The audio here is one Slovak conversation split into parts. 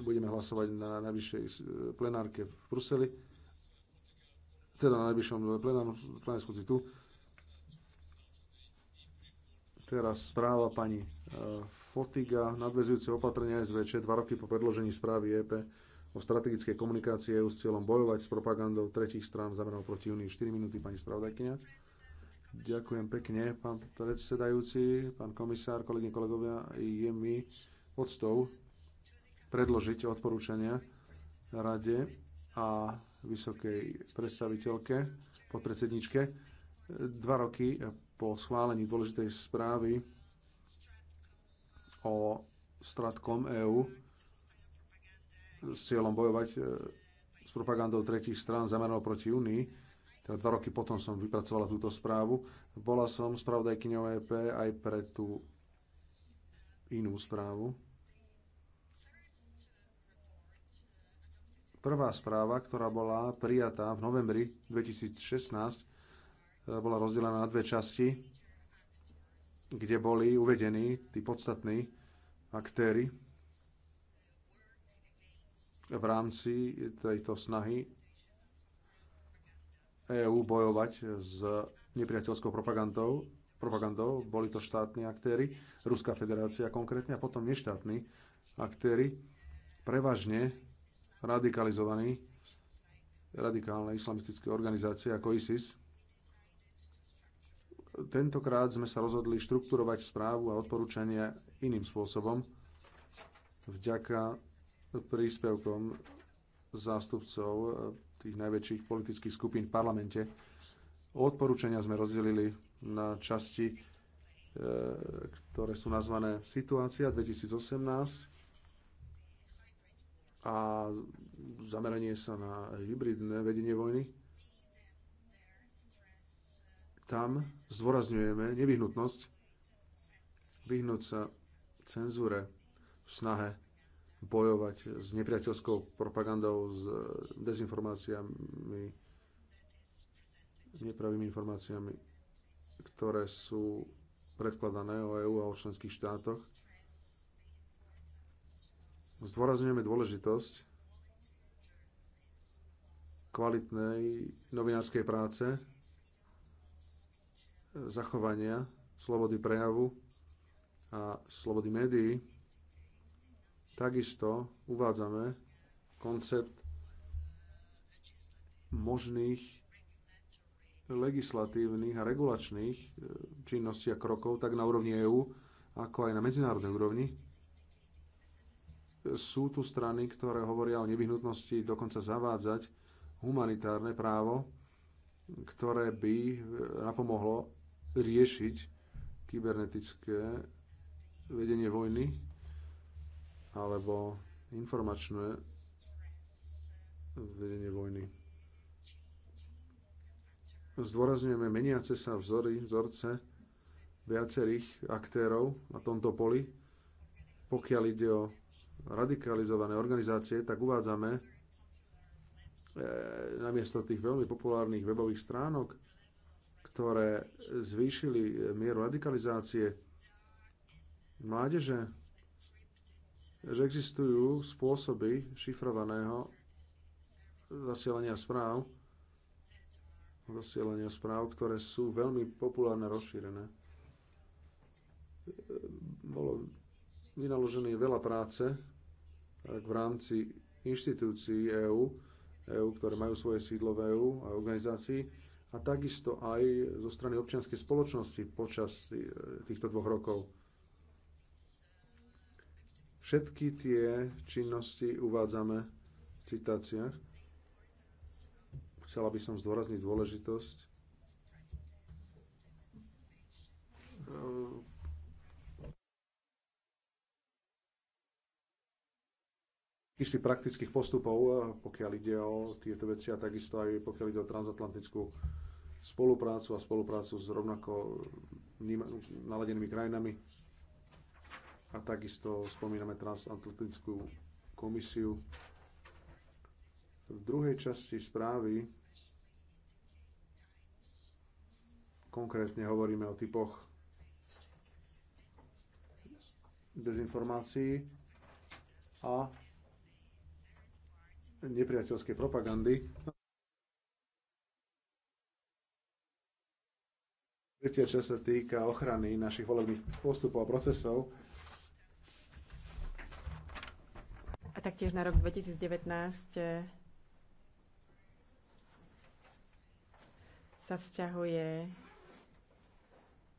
Budeme hlasovať na najbližšej eh, plenárke v Bruseli, teda na najbližšom plenárnom skúci tu. Teraz správa pani eh, Fotiga, nadvezujúce opatrenia SVČ dva roky po predložení správy EP o strategickej komunikácii EU s cieľom bojovať s propagandou tretich strán zameranou proti Unii. 4 minúty, pani spravodajkynia. Ďakujem pekne, pán predsedajúci, pán komisár, kolegyne, kolegovia. Je mi podstou predložiť odporúčania rade a vysokej predstaviteľke, podpredsedničke, dva roky po schválení dôležitej správy o stratkom EÚ s cieľom bojovať e, s propagandou tretich strán zameranou proti Unii. Teda dva roky potom som vypracovala túto správu. Bola som spravodajkyňou EP aj pre tú inú správu, Prvá správa, ktorá bola prijatá v novembri 2016, e, bola rozdelená na dve časti, kde boli uvedení tí podstatní aktéry v rámci tejto snahy EÚ bojovať s nepriateľskou propagandou. propagandou. Boli to štátni aktéry, Ruská federácia konkrétne, a potom neštátni aktéry, prevažne radikalizovaní, radikálne islamistické organizácie ako ISIS. Tentokrát sme sa rozhodli štrukturovať správu a odporúčania iným spôsobom vďaka príspevkom zástupcov eh, tých najväčších politických skupín v parlamente. Odporúčania sme rozdelili na časti, eh, ktoré sú nazvané Situácia 2018, a zameranie sa na hybridné vedenie vojny. Tam zdôrazňujeme nevyhnutnosť vyhnúť sa cenzúre v snahe bojovať s nepriateľskou propagandou, s dezinformáciami, nepravými informáciami, ktoré sú predkladané o EÚ a o členských štátoch zdôrazňujeme dôležitosť kvalitnej novinárskej práce, zachovania slobody prejavu a slobody médií. Takisto uvádzame koncept možných legislatívnych a regulačných eh, činností a krokov tak na úrovni EÚ, ako aj na medzinárodnej úrovni sú tu strany, ktoré hovoria o nevyhnutnosti dokonca zavádzať humanitárne právo, ktoré by e, napomohlo riešiť kybernetické vedenie vojny alebo informačné vedenie vojny. Zdôrazňujeme meniace sa vzory, vzorce viacerých aktérov na tomto poli, pokiaľ ide o radikalizované organizácie, tak uvádzame e, namiesto tých veľmi populárnych webových stránok, ktoré zvýšili mieru radikalizácie mládeže, že existujú spôsoby šifrovaného zasielania správ, zasielania správ, ktoré sú veľmi populárne rozšírené. E, bolo vynaložené veľa práce tak v rámci inštitúcií EÚ, EÚ, ktoré majú svoje sídlo v EÚ a organizácií, a takisto aj zo strany občianskej spoločnosti počas e, týchto dvoch rokov. Všetky tie činnosti uvádzame v citáciách. Chcela by som zdôrazniť dôležitosť e, istých praktických postupov, eh, pokiaľ ide o tieto veci a takisto aj pokiaľ ide o transatlantickú spoluprácu a spoluprácu s rovnako naladenými krajinami. A takisto spomíname transatlantickú komisiu. V druhej časti správy konkrétne hovoríme o typoch dezinformácií a nepriateľskej propagandy. Tretia časť sa týka ochrany našich volebných postupov a procesov. A taktiež na rok 2019 eh, sa vzťahuje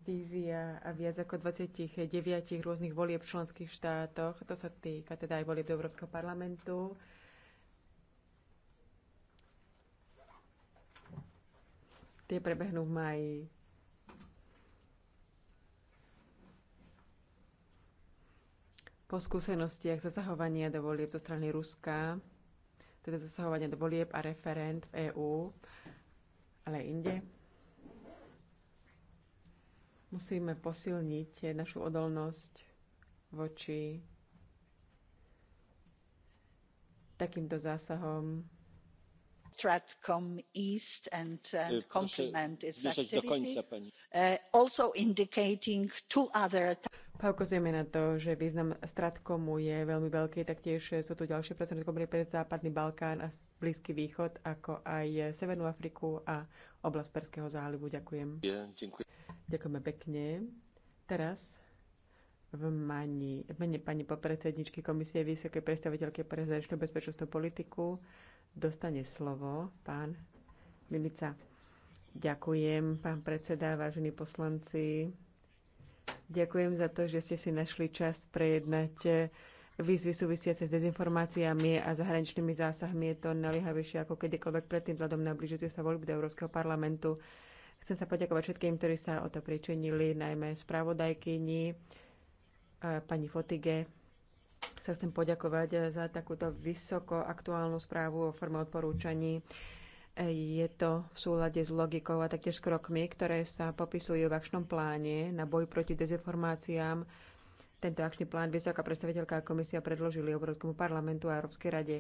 vízia a viac ako 29 rôznych volieb v členských štátoch. To sa týka teda aj volieb do Európskeho parlamentu. Tie prebehnú v maji. Po skúsenostiach zasahovania do volieb zo strany Ruska, teda zasahovania do volieb a referent v EÚ, ale aj inde, musíme posilniť našu odolnosť voči takýmto zásahom stratcom east and uh, e, complement its activity uh, also indicating two other. Poukazujeme na to, že význam Stratkomu je veľmi veľký, taktiež sú tu ďalšie pracovné komory pre Západný Balkán a Blízky východ, ako aj Severnú Afriku a oblasť Perského zálivu. Ďakujem. Ďakujeme pekne. Teraz v, mani, v mene pani podpredsedničky Komisie Vysokej predstaviteľky pre zahraničnú bezpečnostnú politiku dostane slovo pán Milica. Ďakujem, pán predseda, vážení poslanci. Ďakujem za to, že ste si našli čas prejednať výzvy súvisiace s dezinformáciami a zahraničnými zásahmi. Je to naliehavejšie ako kedykoľvek predtým, vzhľadom na blížiace sa voľby do Európskeho parlamentu. Chcem sa poďakovať všetkým, ktorí sa o to pričinili, najmä spravodajkyni, pani Fotige, sa chcem poďakovať eh, za takúto vysoko aktuálnu správu o forme odporúčaní. Eh, je to v súlade s logikou a taktiež krokmi, ktoré sa popisujú v akčnom pláne na boj proti dezinformáciám. Tento akčný plán vysoká predstaviteľka a komisia predložili Európskemu parlamentu a Európskej rade.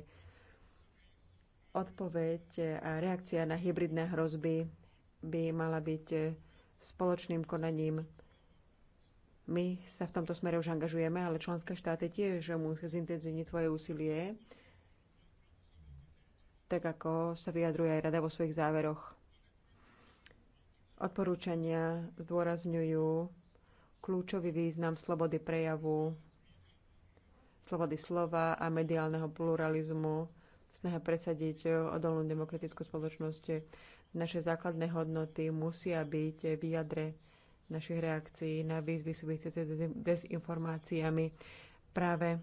Odpoveď eh, a reakcia na hybridné hrozby by mala byť spoločným konaním my sa v tomto smere už angažujeme, ale členské štáty tiež musia zintenzívniť svoje úsilie, tak ako sa vyjadruje aj rada vo svojich záveroch. Odporúčania zdôrazňujú kľúčový význam slobody prejavu, slobody slova a mediálneho pluralizmu snaha presadiť odolnú demokratickú spoločnosť. Naše základné hodnoty musia byť vyjadre našich reakcií na výzvy súvisiace s dezinformáciami. Práve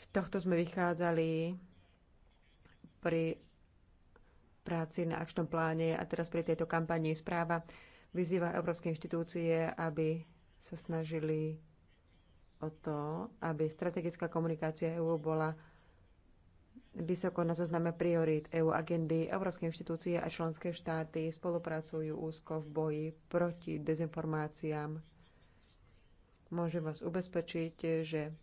z tohto sme vychádzali pri práci na akčnom pláne a teraz pri tejto kampanii správa vyzýva európske inštitúcie, aby sa snažili o to, aby strategická komunikácia EÚ bola vysoko na zozname priorít EU agendy. Európske inštitúcie a členské štáty spolupracujú úzko v boji proti dezinformáciám. Môžem vás ubezpečiť, že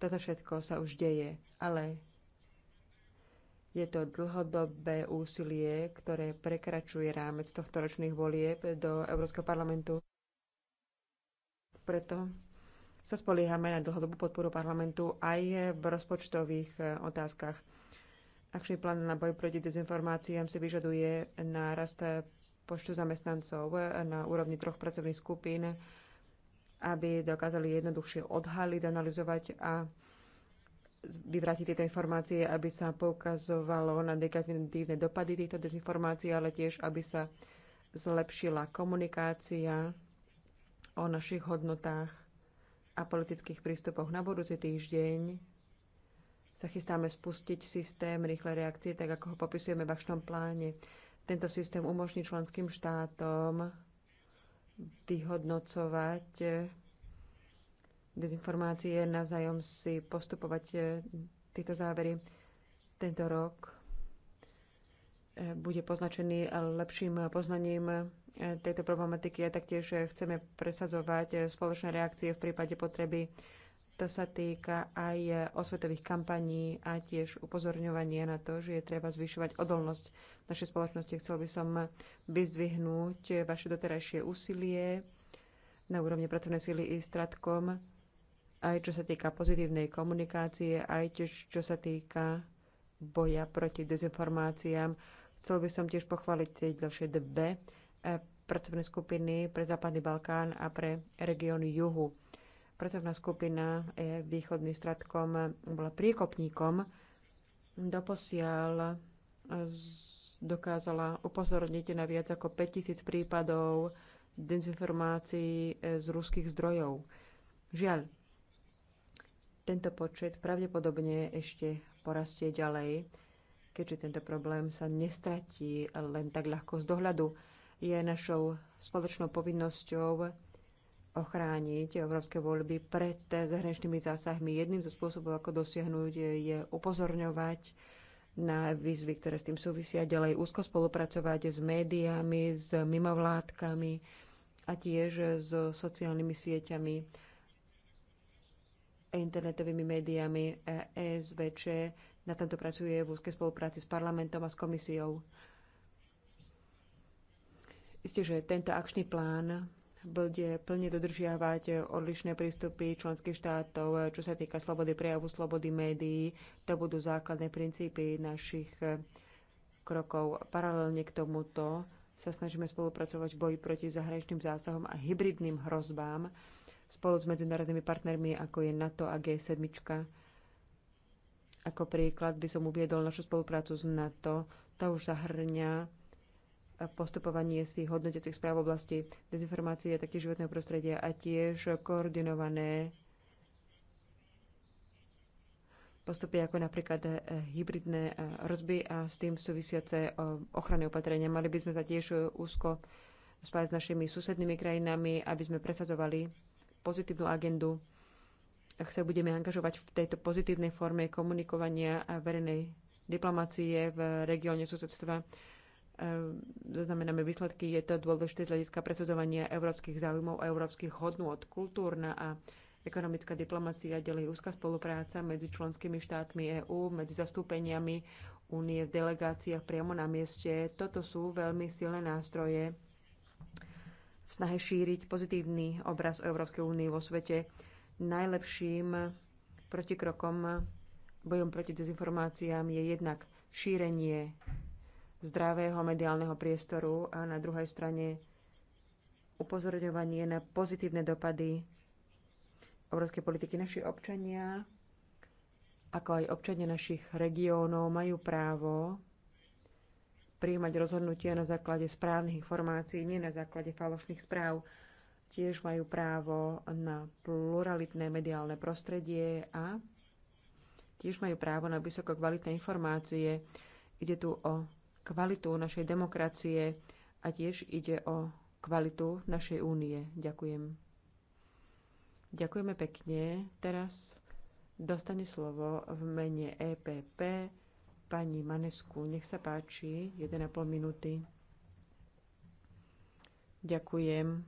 toto všetko sa už deje, ale je to dlhodobé úsilie, ktoré prekračuje rámec tohto ročných volieb do Európskeho parlamentu. Preto sa spoliehame na dlhodobú podporu parlamentu aj v rozpočtových e, otázkach. Akčný plán na boj proti dezinformáciám si vyžaduje nárast počtu zamestnancov e, na úrovni troch pracovných skupín, aby dokázali jednoduchšie odhaliť, analyzovať a vyvrátiť tieto informácie, aby sa poukazovalo na negatívne dopady týchto dezinformácií, ale tiež, aby sa zlepšila komunikácia o našich hodnotách a politických prístupoch. Na budúci týždeň sa chystáme spustiť systém rýchlej reakcie, tak ako ho popisujeme v akčnom pláne. Tento systém umožní členským štátom vyhodnocovať dezinformácie, navzájom si postupovať e, tieto závery. Tento rok e, bude poznačený lepším poznaním tejto problematiky a taktiež chceme presadzovať spoločné reakcie v prípade potreby. To sa týka aj osvetových kampaní a tiež upozorňovania na to, že je treba zvyšovať odolnosť našej spoločnosti. Chcel by som vyzdvihnúť vaše doterajšie úsilie na úrovni pracovnej síly i stratkom, aj čo sa týka pozitívnej komunikácie, aj tiež čo sa týka boja proti dezinformáciám. Chcel by som tiež pochváliť tie ďalšie dve E, pracovné skupiny pre Západný Balkán a pre región juhu. Pracovná skupina je východný stratkom bola priekopníkom. Doposiaľ e, dokázala upozorniť na viac ako 5000 prípadov dezinformácií e, z ruských zdrojov. Žiaľ, tento počet pravdepodobne ešte porastie ďalej, keďže tento problém sa nestratí len tak ľahko z dohľadu je našou spoločnou povinnosťou ochrániť európske voľby pred zahraničnými zásahmi. Jedným zo spôsobov, ako dosiahnuť, je upozorňovať na výzvy, ktoré s tým súvisia, ďalej úzko spolupracovať s médiami, s mimovládkami a tiež s sociálnymi sieťami, internetovými médiami ESVČ. Na tomto pracuje v úzkej spolupráci s parlamentom a s komisiou. Isté, že tento akčný plán bude plne dodržiavať odlišné prístupy členských štátov, čo sa týka slobody prejavu, slobody médií. To budú základné princípy našich eh, krokov. Paralelne k tomuto sa snažíme spolupracovať v boji proti zahraničným zásahom a hybridným hrozbám spolu s medzinárodnými partnermi, ako je NATO a G7. Ako príklad by som uviedol našu spoluprácu s NATO. To už zahrňa postupovanie si hodnotiacich správ v oblasti dezinformácie a taktiež životného prostredia a tiež koordinované postupy ako napríklad eh, hybridné eh, rozby a s tým súvisiace eh, ochranné opatrenia. Mali by sme sa tiež úzko spájať s našimi susednými krajinami, aby sme presadzovali pozitívnu agendu. Ak sa budeme angažovať v tejto pozitívnej forme komunikovania a verejnej diplomácie v regióne susedstva, Ehm, zaznamenáme výsledky. Je to dôležité z hľadiska presudzovania európskych záujmov a európskych hodnôt. Kultúrna a ekonomická diplomacia, delí úzka spolupráca medzi členskými štátmi EÚ, medzi zastúpeniami únie v delegáciách priamo na mieste. Toto sú veľmi silné nástroje v snahe šíriť pozitívny obraz o Európskej únii vo svete. Najlepším protikrokom bojom proti dezinformáciám je jednak šírenie zdravého mediálneho priestoru a na druhej strane upozorňovanie na pozitívne dopady európskej politiky. Naši občania, ako aj občania našich regiónov, majú právo prijímať rozhodnutia na základe správnych informácií, nie na základe falošných správ. Tiež majú právo na pluralitné mediálne prostredie a tiež majú právo na vysokokvalitné informácie. Ide tu o kvalitu našej demokracie a tiež ide o kvalitu našej únie. Ďakujem. Ďakujeme pekne. Teraz dostane slovo v mene EPP pani Manesku. Nech sa páči, 1,5 minúty. Ďakujem.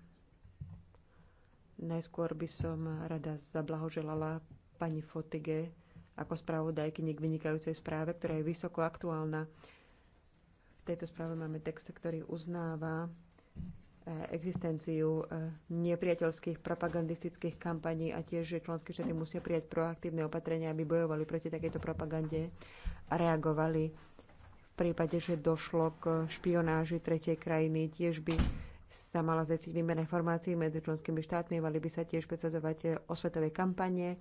Najskôr by som rada zablahoželala pani Fotige ako spravodajky k vynikajúcej správe, ktorá je vysoko aktuálna tejto správe máme text, ktorý uznáva eh, existenciu eh, nepriateľských propagandistických kampaní a tiež, že členské štáty musia prijať proaktívne opatrenia, aby bojovali proti takejto propagande a reagovali v prípade, že došlo k špionáži tretej krajiny. Tiež by sa mala zajistiť výmena informácií medzi členskými štátmi, mali by sa tiež o eh, osvetové kampanie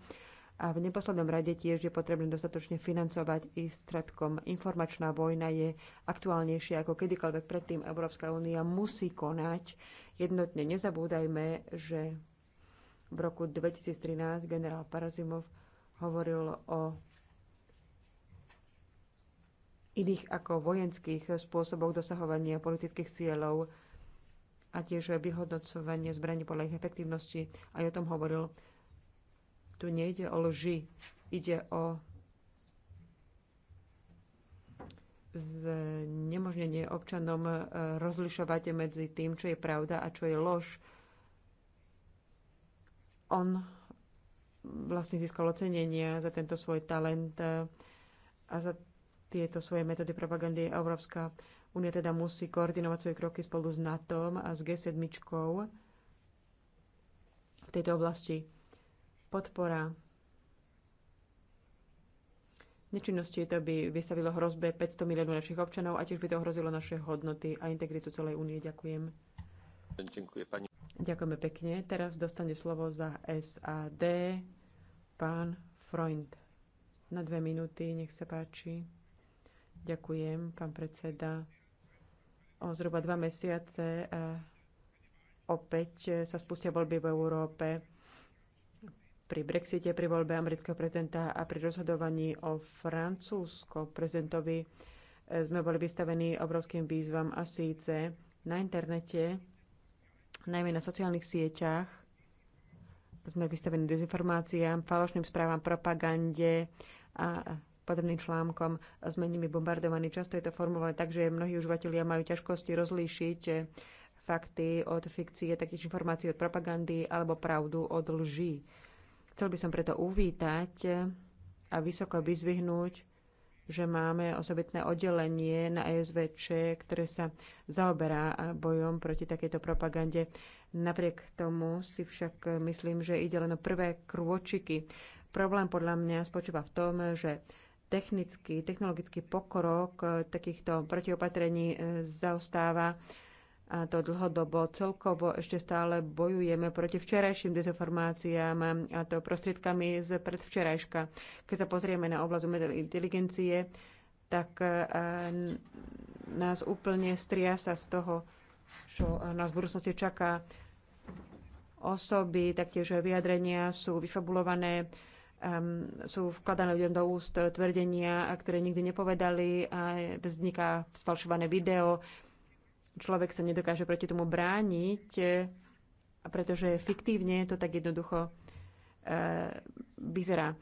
a v neposlednom rade tiež je potrebné dostatočne financovať i stredkom. Informačná vojna je aktuálnejšia ako kedykoľvek predtým. Európska únia musí konať jednotne. Nezabúdajme, že v roku 2013 generál Parazimov hovoril o iných ako vojenských spôsoboch dosahovania politických cieľov a tiež vyhodnocovanie zbraní podľa ich efektívnosti. Aj o tom hovoril tu nejde o lži, ide o znemožnenie občanom e, rozlišovať medzi tým, čo je pravda a čo je lož. On vlastne získal ocenenia za tento svoj talent e, a za tieto svoje metódy propagandy. Európska únia teda musí koordinovať svoje kroky spolu s NATO a s G7 v tejto oblasti podpora nečinnosti to by vystavilo hrozbe 500 miliónov našich občanov a tiež by to ohrozilo naše hodnoty a integritu celej únie. Ďakujem. Ďakujem Ďakujeme pekne. Teraz dostane slovo za SAD pán Freund. Na dve minúty, nech sa páči. Ďakujem, pán predseda. O zhruba dva mesiace eh, opäť eh, sa spustia voľby v Európe pri Brexite, pri voľbe amerického prezidenta a pri rozhodovaní o francúzsko prezentovi e, sme boli vystavení obrovským výzvam a síce na internete, najmä na sociálnych sieťach, sme vystavení dezinformáciám, falošným správam, propagande a podobným článkom. Sme nimi bombardovaní. Často je to formované tak, že mnohí užívateľia majú ťažkosti rozlíšiť e, fakty od fikcie, taktiež informácií od propagandy alebo pravdu od lží. Chcel by som preto uvítať a vysoko vyzvihnúť, že máme osobitné oddelenie na ESVČ, ktoré sa zaoberá bojom proti takejto propagande. Napriek tomu si však myslím, že ide len o prvé krôčiky. Problém podľa mňa spočíva v tom, že technický, technologický pokrok takýchto protiopatrení e, zaostáva a to dlhodobo. Celkovo ešte stále bojujeme proti včerajším dezinformáciám a to prostriedkami z predvčerajška. Keď sa pozrieme na oblasť umelej inteligencie, tak e, nás úplne striasa z toho, čo nás v budúcnosti čaká. Osoby, taktiež vyjadrenia sú vyfabulované, um, sú vkladané ľuďom do úst tvrdenia, ktoré nikdy nepovedali a vzniká sfalšované video človek sa nedokáže proti tomu brániť, e, pretože fiktívne to tak jednoducho e, vyzerá.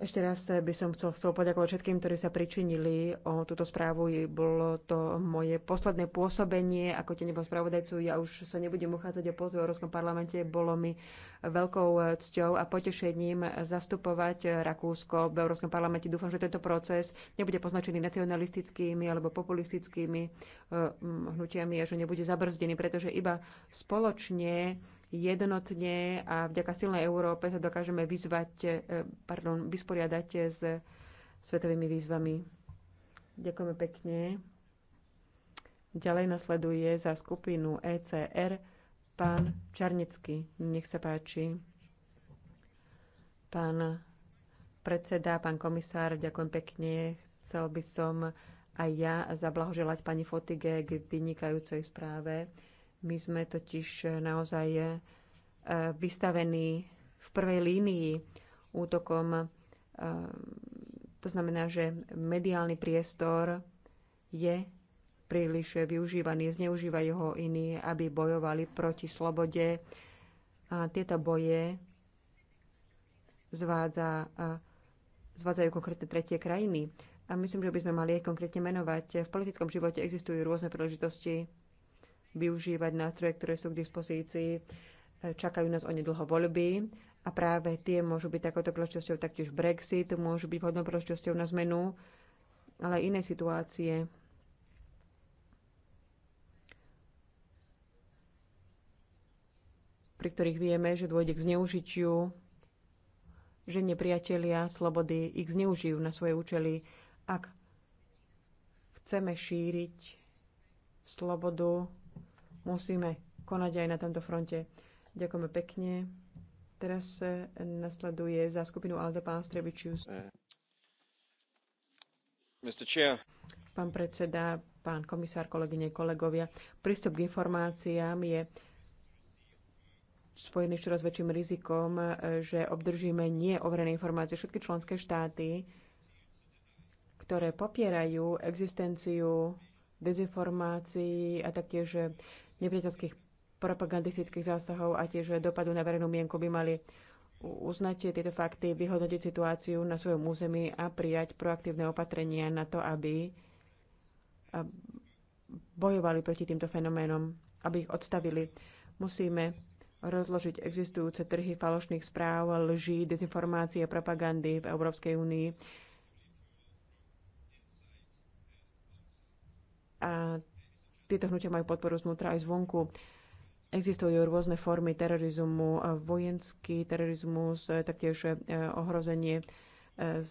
Ešte raz by som chcel, chcel poďakovať všetkým, ktorí sa pričinili o túto správu. Bolo to moje posledné pôsobenie ako tenebo spravodajcu. Ja už sa nebudem uchádzať o pozve v Európskom parlamente. Bolo mi veľkou e, cťou a potešením zastupovať Rakúsko v Európskom parlamente. Dúfam, že tento proces nebude poznačený nacionalistickými alebo populistickými e, hnutiami a že nebude zabrzdený, pretože iba spoločne jednotne a vďaka silnej Európe sa dokážeme vyzvať, e, pardon, vysporiadať s svetovými výzvami. Ďakujeme pekne. Ďalej nasleduje za skupinu ECR pán Čarnecký. Nech sa páči. Pán predseda, pán komisár, ďakujem pekne. Chcel by som aj ja zablahoželať pani Fotige k vynikajúcej správe. My sme totiž eh, naozaj eh, eh, vystavení v prvej línii útokom. To znamená, že mediálny priestor je príliš využívaný, zneužívajú ho iní, aby bojovali proti slobode. A tieto boje zvádza, zvádzajú konkrétne tretie krajiny. A myslím, že by sme mali aj konkrétne menovať. V politickom živote existujú rôzne príležitosti využívať nástroje, ktoré sú k dispozícii. E, čakajú nás o nedlho voľby a práve tie môžu byť takouto príležitosťou, taktiež Brexit môžu byť vhodnou príležitosťou na zmenu, ale aj iné situácie. pri ktorých vieme, že dôjde k zneužitiu, že nepriatelia slobody ich zneužijú na svoje účely. Ak chceme šíriť slobodu, musíme konať aj na tomto fronte. Ďakujeme pekne. Teraz nasleduje za skupinu Alde pán Strebičius. Eh, pán predseda, pán komisár, kolegyne, kolegovia, prístup k informáciám je spojený s čoraz väčším rizikom, eh, že obdržíme neoverené informácie. Všetky členské štáty, ktoré popierajú existenciu dezinformácií a taktiež nepriateľských propagandistických zásahov a tiež dopadu na verejnú mienku by mali uznať tieto fakty, vyhodnotiť situáciu na svojom území a prijať proaktívne opatrenia na to, aby bojovali proti týmto fenoménom, aby ich odstavili. Musíme rozložiť existujúce trhy falošných správ, lží, dezinformácie, propagandy v Európskej únii Tieto hnutia majú podporu znútra aj zvonku. Existujú rôzne formy terorizmu, vojenský terorizmus, e, taktiež e, ohrozenie e,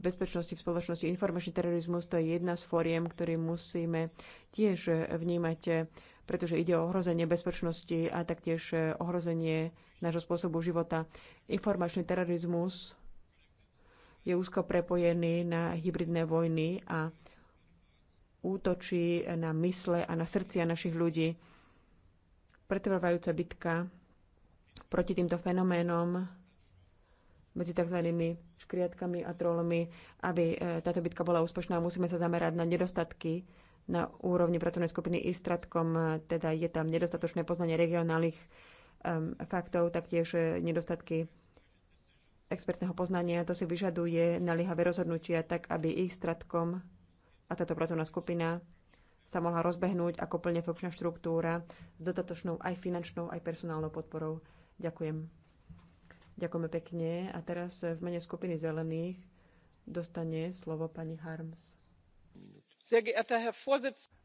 bezpečnosti v spoločnosti. Informačný terorizmus to je jedna z fóriem, ktorý musíme tiež vnímať, pretože ide o ohrozenie bezpečnosti a taktiež ohrozenie nášho spôsobu života. Informačný terorizmus je úzko prepojený na hybridné vojny a útočí na mysle a na srdcia našich ľudí. Pretrvávajúca bitka proti týmto fenoménom medzi tzv. škriatkami a trolmi, aby e, táto bitka bola úspešná, musíme sa zamerať na nedostatky na úrovni pracovnej skupiny Istratkom, e, teda je tam nedostatočné poznanie regionálnych um, faktov, taktiež e, nedostatky expertného poznania. To si vyžaduje naliehavé rozhodnutia tak, aby ich stratkom a táto pracovná skupina sa mohla rozbehnúť ako plne funkčná štruktúra s dodatočnou aj finančnou, aj personálnou podporou. Ďakujem. Ďakujeme pekne. A teraz v mene skupiny zelených dostane slovo pani Harms.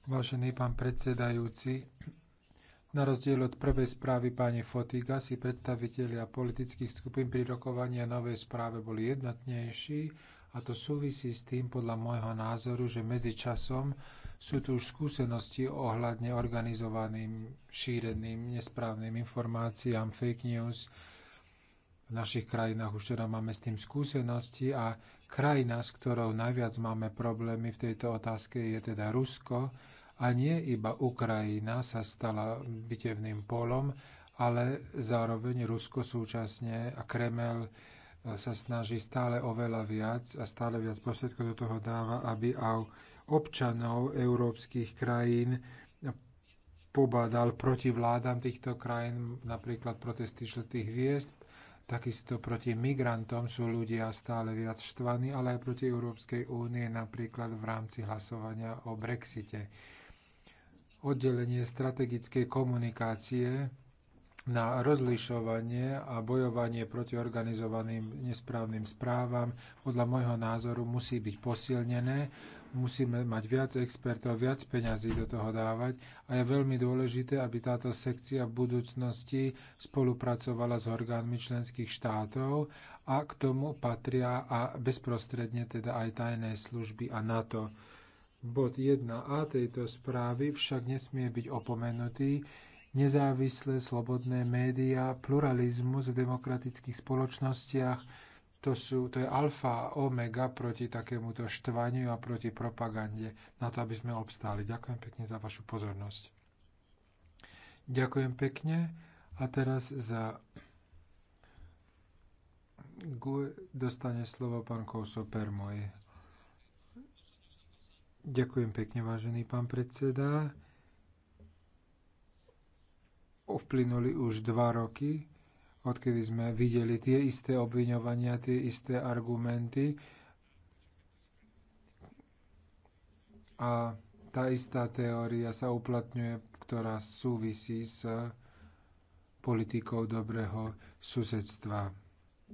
Vážený pán predsedajúci, na rozdiel od prvej správy pani Fotiga si predstavitelia politických skupín pri rokovaní novej správe boli jednotnejší a to súvisí s tým, podľa môjho názoru, že medzi časom sú tu už skúsenosti ohľadne organizovaným, šíreným nesprávnym informáciám, fake news. V našich krajinách už teda máme s tým skúsenosti a krajina, s ktorou najviac máme problémy v tejto otázke, je teda Rusko. A nie iba Ukrajina sa stala bitevným polom, ale zároveň Rusko súčasne a Kremel sa snaží stále oveľa viac a stále viac prostriedkov do toho dáva, aby aj občanov európskych krajín pobádal proti vládam týchto krajín, napríklad protesty žltých hviezd, takisto proti migrantom sú ľudia stále viac štvaní, ale aj proti Európskej únie, napríklad v rámci hlasovania o Brexite. Oddelenie strategickej komunikácie na rozlišovanie a bojovanie proti organizovaným nesprávnym správam podľa môjho názoru musí byť posilnené. Musíme mať viac expertov, viac peňazí do toho dávať a je veľmi dôležité, aby táto sekcia v budúcnosti spolupracovala s orgánmi členských štátov a k tomu patria a bezprostredne teda aj tajné služby a NATO. Bod 1a tejto správy však nesmie byť opomenutý, nezávislé, slobodné médiá, pluralizmus v demokratických spoločnostiach, to, sú, to je alfa a omega proti takémuto štvaniu a proti propagande, na to, aby sme obstáli. Ďakujem pekne za vašu pozornosť. Ďakujem pekne a teraz za GUE dostane slovo pán Kouso Permoj. Ďakujem pekne, vážený pán predseda uplynuli už dva roky, odkedy sme videli tie isté obviňovania, tie isté argumenty a tá istá teória sa uplatňuje, ktorá súvisí s politikou dobrého susedstva.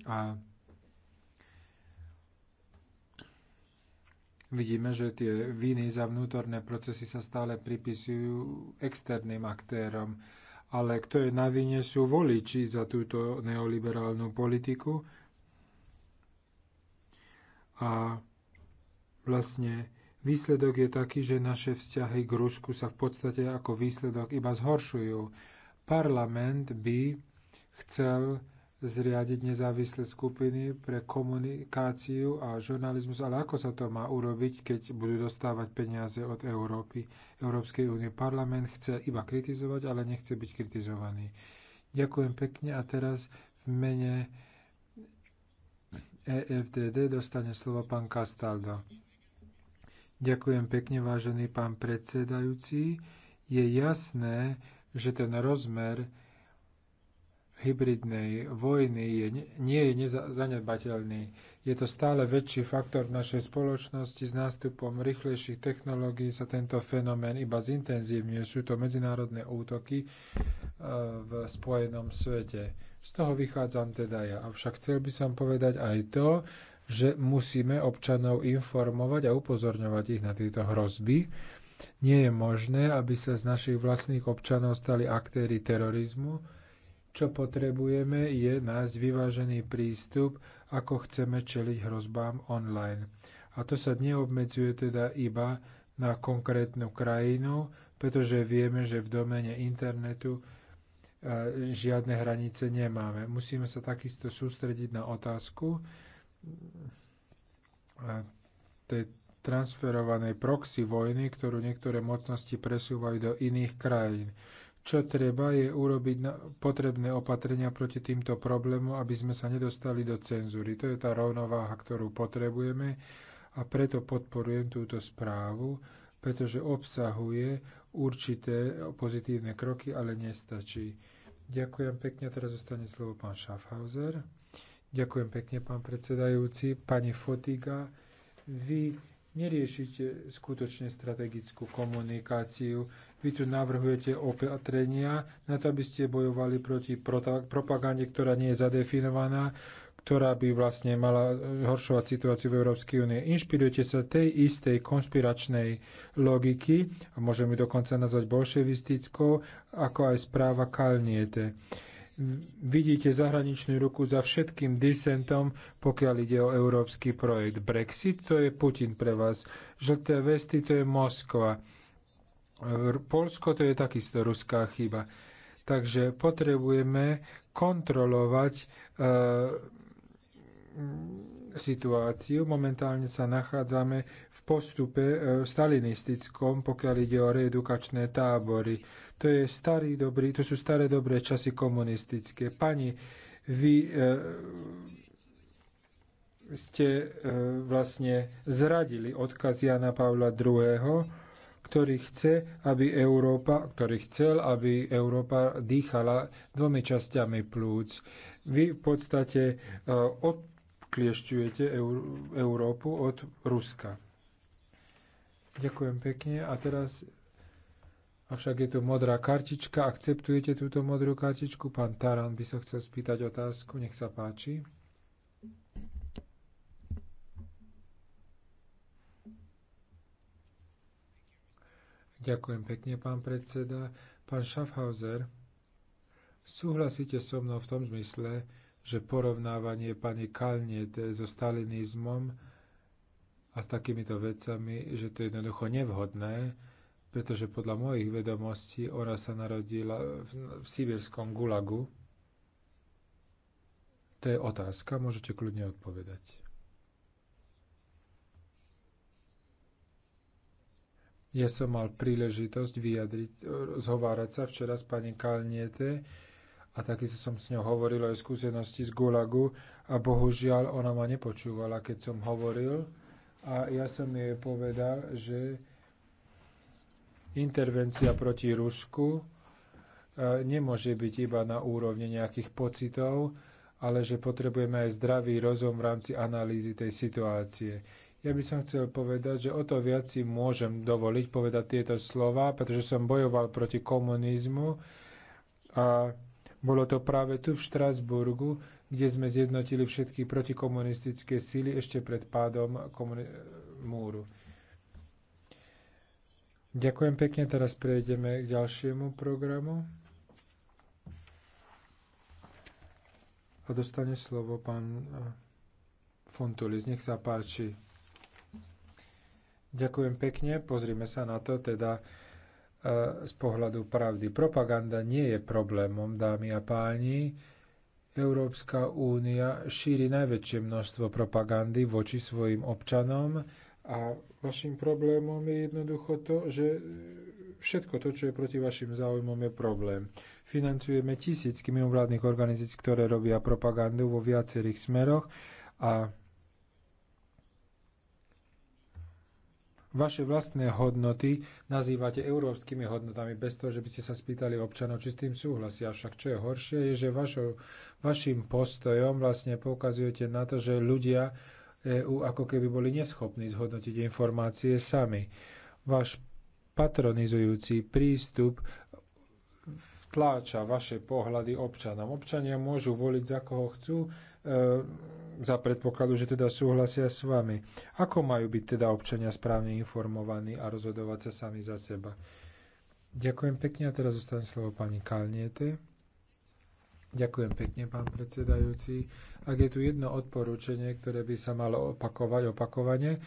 A vidíme, že tie viny za vnútorné procesy sa stále pripisujú externým aktérom ale kto je na vine sú voliči za túto neoliberálnu politiku. A vlastne výsledok je taký, že naše vzťahy k Rusku sa v podstate ako výsledok iba zhoršujú. Parlament by chcel zriadiť nezávislé skupiny pre komunikáciu a žurnalizmus, ale ako sa to má urobiť, keď budú dostávať peniaze od Európy, Európskej únie? Parlament chce iba kritizovať, ale nechce byť kritizovaný. Ďakujem pekne a teraz v mene EFDD dostane slovo pán Castaldo. Ďakujem pekne, vážený pán predsedajúci. Je jasné, že ten rozmer hybridnej vojny je, nie je zanedbateľný. Je to stále väčší faktor v našej spoločnosti. S nástupom rýchlejších technológií sa tento fenomén iba zintenzívňuje. Sú to medzinárodné útoky e, v spojenom svete. Z toho vychádzam teda ja. Avšak chcel by som povedať aj to, že musíme občanov informovať a upozorňovať ich na tieto hrozby. Nie je možné, aby sa z našich vlastných občanov stali aktéry terorizmu, čo potrebujeme je nájsť vyvážený prístup, ako chceme čeliť hrozbám online. A to sa neobmedzuje teda iba na konkrétnu krajinu, pretože vieme, že v domene internetu e, žiadne hranice nemáme. Musíme sa takisto sústrediť na otázku e, tej transferovanej proxy vojny, ktorú niektoré mocnosti presúvajú do iných krajín čo treba, je urobiť potrebné opatrenia proti týmto problémom, aby sme sa nedostali do cenzúry. To je tá rovnováha, ktorú potrebujeme a preto podporujem túto správu, pretože obsahuje určité pozitívne kroky, ale nestačí. Ďakujem pekne, teraz zostane slovo pán Schaffhauser. Ďakujem pekne, pán predsedajúci. Pani Fotiga, vy neriešite skutočne strategickú komunikáciu, vy tu navrhujete opatrenia na to, aby ste bojovali proti propagande, ktorá nie je zadefinovaná, ktorá by vlastne mala e, horšovať situáciu v Európskej únie. Inšpirujete sa tej istej konspiračnej logiky, a môžeme dokonca nazvať bolševistickou, ako aj správa Kalniete. Vidíte zahraničnú ruku za všetkým disentom, pokiaľ ide o európsky projekt. Brexit to je Putin pre vás, žlté vesty to je Moskva Polsko to je takisto ruská chyba. Takže potrebujeme kontrolovať e, situáciu. Momentálne sa nachádzame v postupe e, stalinistickom, pokiaľ ide o reedukačné tábory. To, je starý dobrý, to sú staré dobré časy komunistické. Pani, vy e, ste e, vlastne zradili odkaz Jana Pavla II ktorý chce, aby Európa, ktorý chcel, aby Európa dýchala dvomi časťami plúc. Vy v podstate e, odkliešťujete Európu od Ruska. Ďakujem pekne a teraz avšak je tu modrá kartička. Akceptujete túto modrú kartičku? Pán Taran by sa chcel spýtať otázku. Nech sa páči. Ďakujem pekne, pán predseda. Pán Schaffhauser, súhlasíte so mnou v tom zmysle, že porovnávanie pani Kalniet so stalinizmom a s takýmito vecami, že to je jednoducho nevhodné, pretože podľa mojich vedomostí ona sa narodila v, v sibirskom gulagu. To je otázka, môžete kľudne odpovedať. Ja som mal príležitosť vyjadriť, zhovárať sa včera s pani Kalniete a takisto som s ňou hovoril aj skúsenosti z Gulagu a bohužiaľ ona ma nepočúvala, keď som hovoril a ja som jej povedal, že intervencia proti Rusku e, nemôže byť iba na úrovni nejakých pocitov, ale že potrebujeme aj zdravý rozum v rámci analýzy tej situácie. Ja by som chcel povedať, že o to viac si môžem dovoliť povedať tieto slova, pretože som bojoval proti komunizmu a bolo to práve tu v Štrasburgu, kde sme zjednotili všetky protikomunistické síly ešte pred pádom múru. Ďakujem pekne, teraz prejdeme k ďalšiemu programu. A dostane slovo pán eh, Fontulis. Nech sa páči. Ďakujem pekne. Pozrime sa na to teda e, z pohľadu pravdy. Propaganda nie je problémom, dámy a páni. Európska únia šíri najväčšie množstvo propagandy voči svojim občanom a vašim problémom je jednoducho to, že všetko to, čo je proti vašim záujmom, je problém. Financujeme tisícky mimovládnych organizácií, ktoré robia propagandu vo viacerých smeroch a vaše vlastné hodnoty nazývate európskymi hodnotami bez toho, že by ste sa spýtali občanov, či s tým súhlasia. Však čo je horšie, je, že vašo, vašim postojom vlastne poukazujete na to, že ľudia EÚ ako keby boli neschopní zhodnotiť informácie sami. Váš patronizujúci prístup vtláča vaše pohľady občanom. Občania môžu voliť za koho chcú, e, za predpokladu, že teda súhlasia s vami. Ako majú byť teda občania správne informovaní a rozhodovať sa sami za seba? Ďakujem pekne a teraz zostane slovo pani Kalniete. Ďakujem pekne, pán predsedajúci. Ak je tu jedno odporúčanie, ktoré by sa malo opakovať opakovane, e,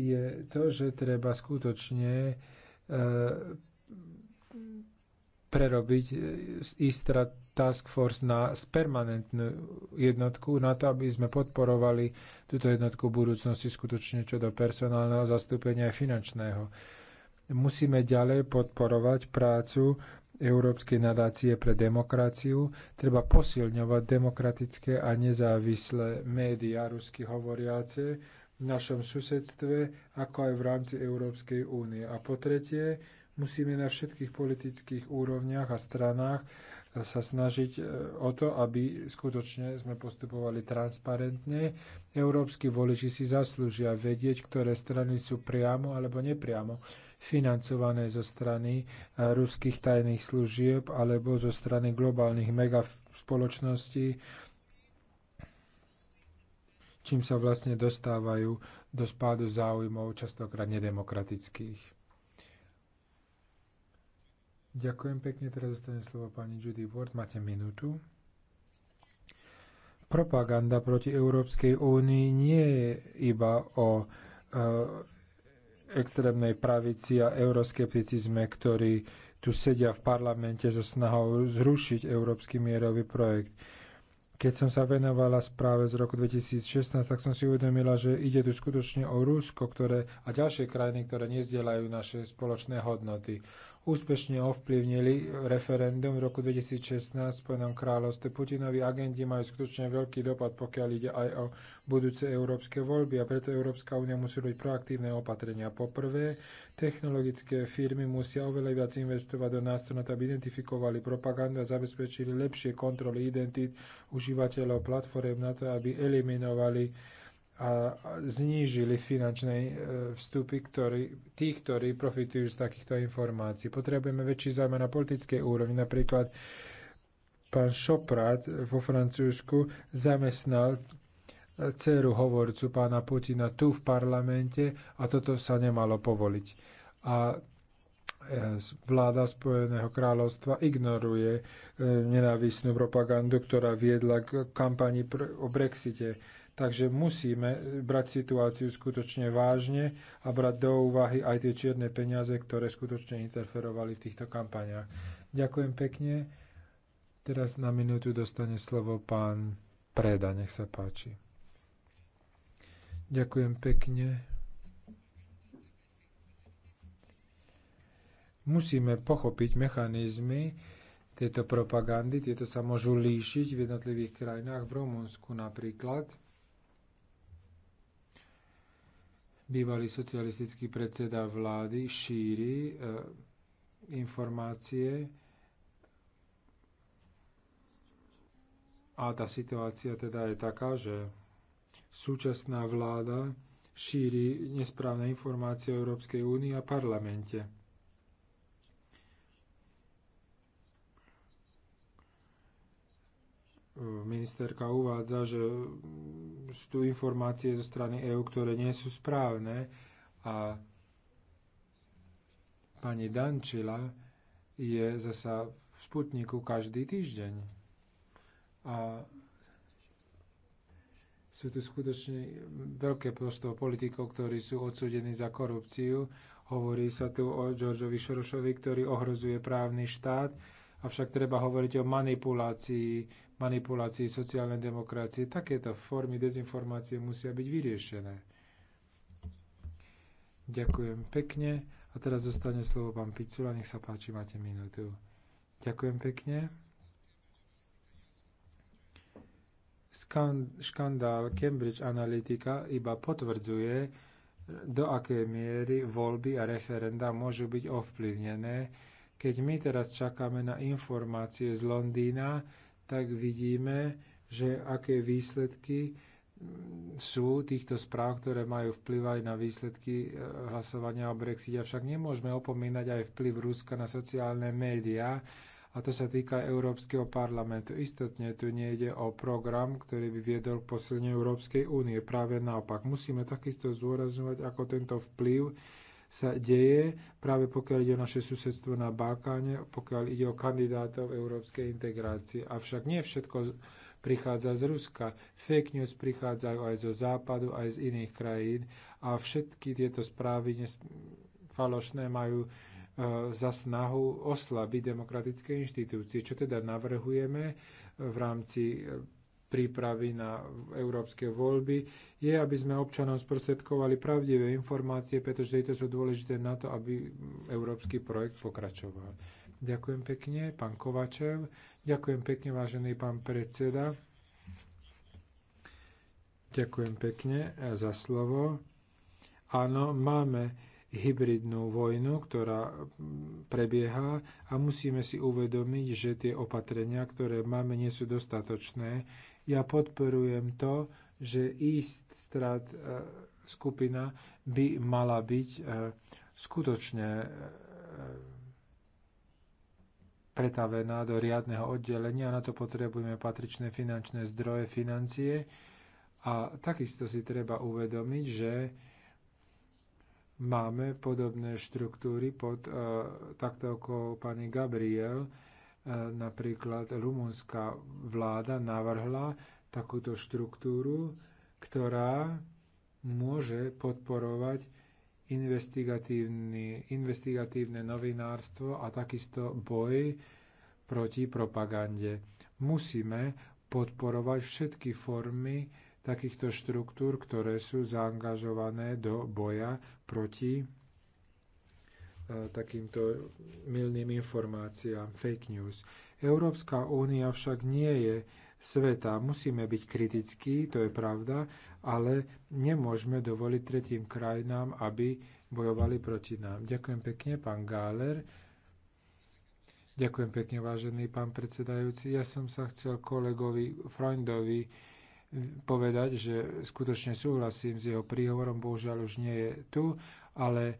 je to, že treba skutočne e, prerobiť e, istrat task force na permanentnú jednotku, na to, aby sme podporovali túto jednotku v budúcnosti skutočne čo do personálneho zastúpenia aj finančného. Musíme ďalej podporovať prácu Európskej nadácie pre demokraciu. Treba posilňovať demokratické a nezávislé médiá rusky hovoriace v našom susedstve, ako aj v rámci Európskej únie. A po tretie, musíme na všetkých politických úrovniach a stranách sa snažiť e, o to, aby skutočne sme postupovali transparentne. Európsky voliči si zaslúžia vedieť, ktoré strany sú priamo alebo nepriamo financované zo strany e, ruských tajných služieb alebo zo strany globálnych megaspoločností, čím sa vlastne dostávajú do spádu záujmov častokrát nedemokratických. Ďakujem pekne. Teraz zostane slovo pani Judy Ward. Máte minútu. Propaganda proti Európskej únii nie je iba o e, extrémnej pravici a euroskepticizme, ktorí tu sedia v parlamente so snahou zrušiť európsky mierový projekt. Keď som sa venovala správe z roku 2016, tak som si uvedomila, že ide tu skutočne o Rusko ktoré, a ďalšie krajiny, ktoré nezdielajú naše spoločné hodnoty úspešne ovplyvnili referendum v roku 2016 v Spojenom kráľovstve. Putinovi agenti majú skutočne veľký dopad, pokiaľ ide aj o budúce európske voľby a preto Európska únia musí robiť proaktívne opatrenia. Poprvé, technologické firmy musia oveľa viac investovať do nástrojov, aby identifikovali propagandu a zabezpečili lepšie kontroly identít užívateľov platform na to, aby eliminovali a znížili finančné e, vstupy ktorí, tých, ktorí profitujú z takýchto informácií. Potrebujeme väčší zájem na politickej úrovni. Napríklad pán Šoprat vo Francúzsku zamestnal dceru hovorcu pána Putina tu v parlamente a toto sa nemalo povoliť. A e, vláda Spojeného kráľovstva ignoruje e, nenávisnú propagandu, ktorá viedla k kampani o Brexite Takže musíme brať situáciu skutočne vážne a brať do úvahy aj tie čierne peniaze, ktoré skutočne interferovali v týchto kampaniách. Ďakujem pekne. Teraz na minútu dostane slovo pán Preda. Nech sa páči. Ďakujem pekne. musíme pochopiť mechanizmy tejto propagandy. Tieto sa môžu líšiť v jednotlivých krajinách, v Rumunsku napríklad. bývalý socialistický predseda vlády šíri eh, informácie a tá situácia teda je taká, že súčasná vláda šíri nesprávne informácie o Európskej únii a parlamente. Eh, ministerka uvádza, že sú tu informácie zo strany EÚ, ktoré nie sú správne a pani Dančila je zasa v Sputniku každý týždeň. A sú tu skutočne veľké množstvo politikov, ktorí sú odsúdení za korupciu. Hovorí sa tu o Georgeovi Šorošovi, ktorý ohrozuje právny štát avšak treba hovoriť o manipulácii, manipulácii sociálnej demokracie. Takéto formy dezinformácie musia byť vyriešené. Ďakujem pekne. A teraz zostane slovo pán Picula. Nech sa páči, máte minútu. Ďakujem pekne. škandál Cambridge Analytica iba potvrdzuje, do akej miery voľby a referenda môžu byť ovplyvnené keď my teraz čakáme na informácie z Londýna, tak vidíme, že aké výsledky mm, sú týchto správ, ktoré majú vplyv aj na výsledky e, hlasovania o Brexite. Avšak nemôžeme opomínať aj vplyv Ruska na sociálne médiá, a to sa týka Európskeho parlamentu. Istotne tu nejde o program, ktorý by viedol k posilneniu Európskej únie. Práve naopak, musíme takisto zdôrazňovať, ako tento vplyv sa deje, práve pokiaľ ide o naše susedstvo na Balkáne, pokiaľ ide o kandidátov európskej integrácie. Avšak nie všetko prichádza z Ruska. Fake news prichádzajú aj zo západu, aj z iných krajín a všetky tieto správy falošné majú e, za snahu oslabiť demokratické inštitúcie. Čo teda navrhujeme v rámci e, prípravy na európske voľby, je, aby sme občanom sprostredkovali pravdivé informácie, pretože tieto sú dôležité na to, aby európsky projekt pokračoval. Ďakujem pekne, pán Kovačev. Ďakujem pekne, vážený pán predseda. Ďakujem pekne za slovo. Áno, máme hybridnú vojnu, ktorá prebieha a musíme si uvedomiť, že tie opatrenia, ktoré máme, nie sú dostatočné ja podporujem to, že East Strat e, skupina by mala byť e, skutočne e, pretavená do riadneho oddelenia. Na to potrebujeme patričné finančné zdroje, financie. A takisto si treba uvedomiť, že máme podobné štruktúry pod uh, ako pani Gabriel, E, napríklad rumunská vláda navrhla takúto štruktúru, ktorá môže podporovať investigatívne novinárstvo a takisto boj proti propagande. Musíme podporovať všetky formy takýchto štruktúr, ktoré sú zaangažované do boja proti E, takýmto milným informáciám, fake news. Európska únia však nie je sveta. Musíme byť kritickí, to je pravda, ale nemôžeme dovoliť tretím krajinám, aby bojovali proti nám. Ďakujem pekne, pán Gáler. Ďakujem pekne, vážený pán predsedajúci. Ja som sa chcel kolegovi Freundovi povedať, že skutočne súhlasím s jeho príhovorom, bohužiaľ už nie je tu, ale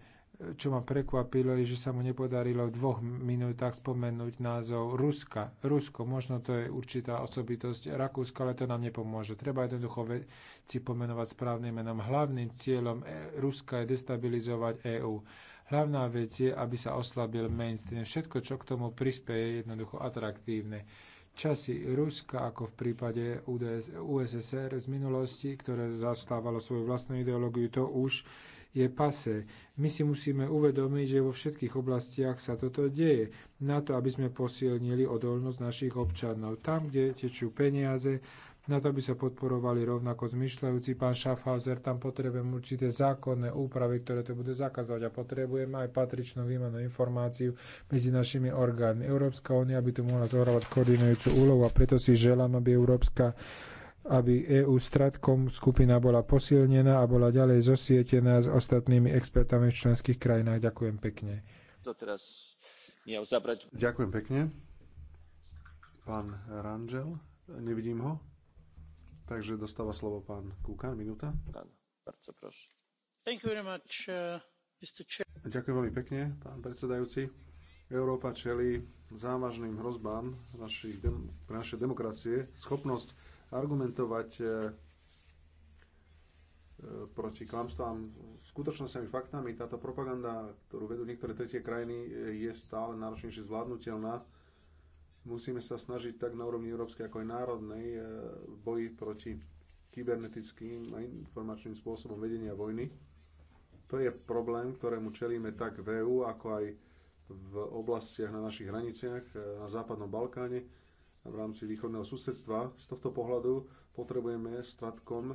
čo ma prekvapilo, je, že sa mu nepodarilo v dvoch minútach spomenúť názov Ruska. Rusko, možno to je určitá osobitosť Rakúska, ale to nám nepomôže. Treba jednoducho veci pomenovať správnym menom. Hlavným cieľom e- Ruska je destabilizovať EÚ. Hlavná vec je, aby sa oslabil mainstream. Všetko, čo k tomu prispieje, je jednoducho atraktívne. Časy Ruska, ako v prípade UDS, USSR z minulosti, ktoré zastávalo svoju vlastnú ideológiu, to už je pase. My si musíme uvedomiť, že vo všetkých oblastiach sa toto deje, na to, aby sme posilnili odolnosť našich občanov. Tam, kde tečú peniaze, na to by sa podporovali rovnako zmyšľajúci pán Schaffhauser, tam potrebujem určité zákonné úpravy, ktoré to bude zakázať a potrebujeme aj patričnú výmenu informáciu medzi našimi orgánmi. Európska únia by tu mohla zohrávať koordinujúcu úlohu a preto si želám, aby Európska aby EU stratkom skupina bola posilnená a bola ďalej zosietená s ostatnými expertami v členských krajinách. Ďakujem pekne. Ďakujem pekne. Pán Rangel, nevidím ho. Takže dostáva slovo pán Kúkan, minúta. Much, uh, Ďakujem veľmi pekne, pán predsedajúci. Európa čelí závažným hrozbám našich, naše demokracie. Schopnosť argumentovať e, e, proti klamstvám skutočnosťami, faktami. Táto propaganda, ktorú vedú niektoré tretie krajiny, e, je stále náročnejšie zvládnutelná. Musíme sa snažiť tak na úrovni európskej ako aj národnej v boji proti kybernetickým a informačným spôsobom vedenia vojny. To je problém, ktorému čelíme tak v EU, ako aj v oblastiach na našich hraniciach, na Západnom Balkáne v rámci východného susedstva. Z tohto pohľadu potrebujeme stratkom e,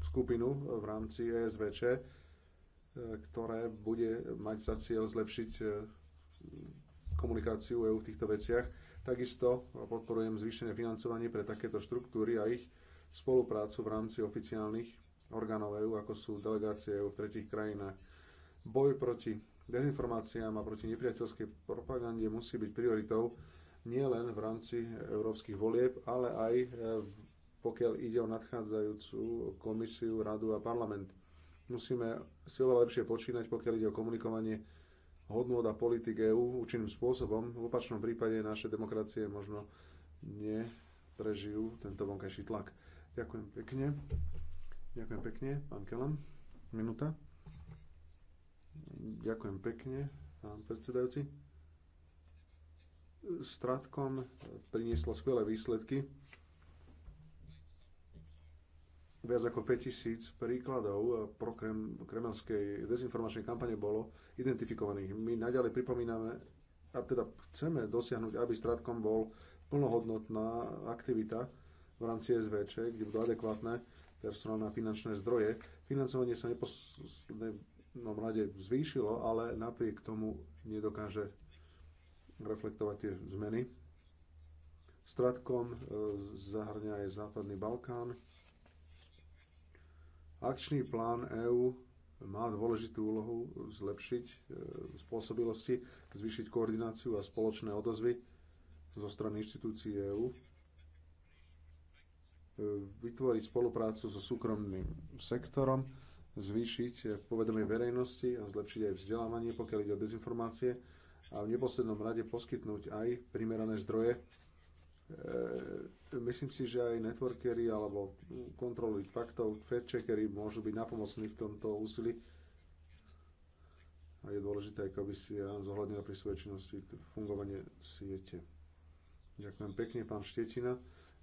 skupinu v rámci ESVČ, e, ktoré bude mať za cieľ zlepšiť e, komunikáciu EU v týchto veciach. Takisto podporujem zvýšené financovanie pre takéto štruktúry a ich spoluprácu v rámci oficiálnych orgánov EU, ako sú delegácie EU v tretich krajinách. Boj proti dezinformáciám a proti nepriateľskej propagande musí byť prioritou nie len v rámci európskych volieb, ale aj e, pokiaľ ide o nadchádzajúcu komisiu, radu a parlament. Musíme si oveľa lepšie počínať, pokiaľ ide o komunikovanie hodnôt a politik EÚ účinným spôsobom. V opačnom prípade naše demokracie možno neprežijú tento vonkajší tlak. Ďakujem pekne. Ďakujem pekne, pán Kelam. Minúta. Ďakujem pekne, pán predsedajúci. Stratcom e, priniesla skvelé výsledky. Viac ako 5000 príkladov e, pro krem, kremelskej dezinformačnej kampane bolo identifikovaných. My naďalej pripomíname, a teda chceme dosiahnuť, aby Stratcom bol plnohodnotná aktivita v rámci SVČ, kde budú adekvátne personálne a finančné zdroje. Financovanie sa no, v rade zvýšilo, ale napriek tomu nedokáže reflektovať tie zmeny. Stratkom e, zahrňa aj Západný Balkán. Akčný plán EÚ má dôležitú úlohu zlepšiť e, spôsobilosti, zvýšiť koordináciu a spoločné odozvy zo strany inštitúcií EÚ e, vytvoriť spoluprácu so súkromným sektorom, zvýšiť povedomie verejnosti a zlepšiť aj vzdelávanie, pokiaľ ide o dezinformácie, a v neposlednom rade poskytnúť aj primerané zdroje. E, myslím si, že aj networkery alebo kontroly faktov, fact-checkery môžu byť napomocní v tomto úsilí. A je dôležité, aby si zohľadnila pri svojej činnosti fungovanie siete. Ďakujem pekne, pán Štetina.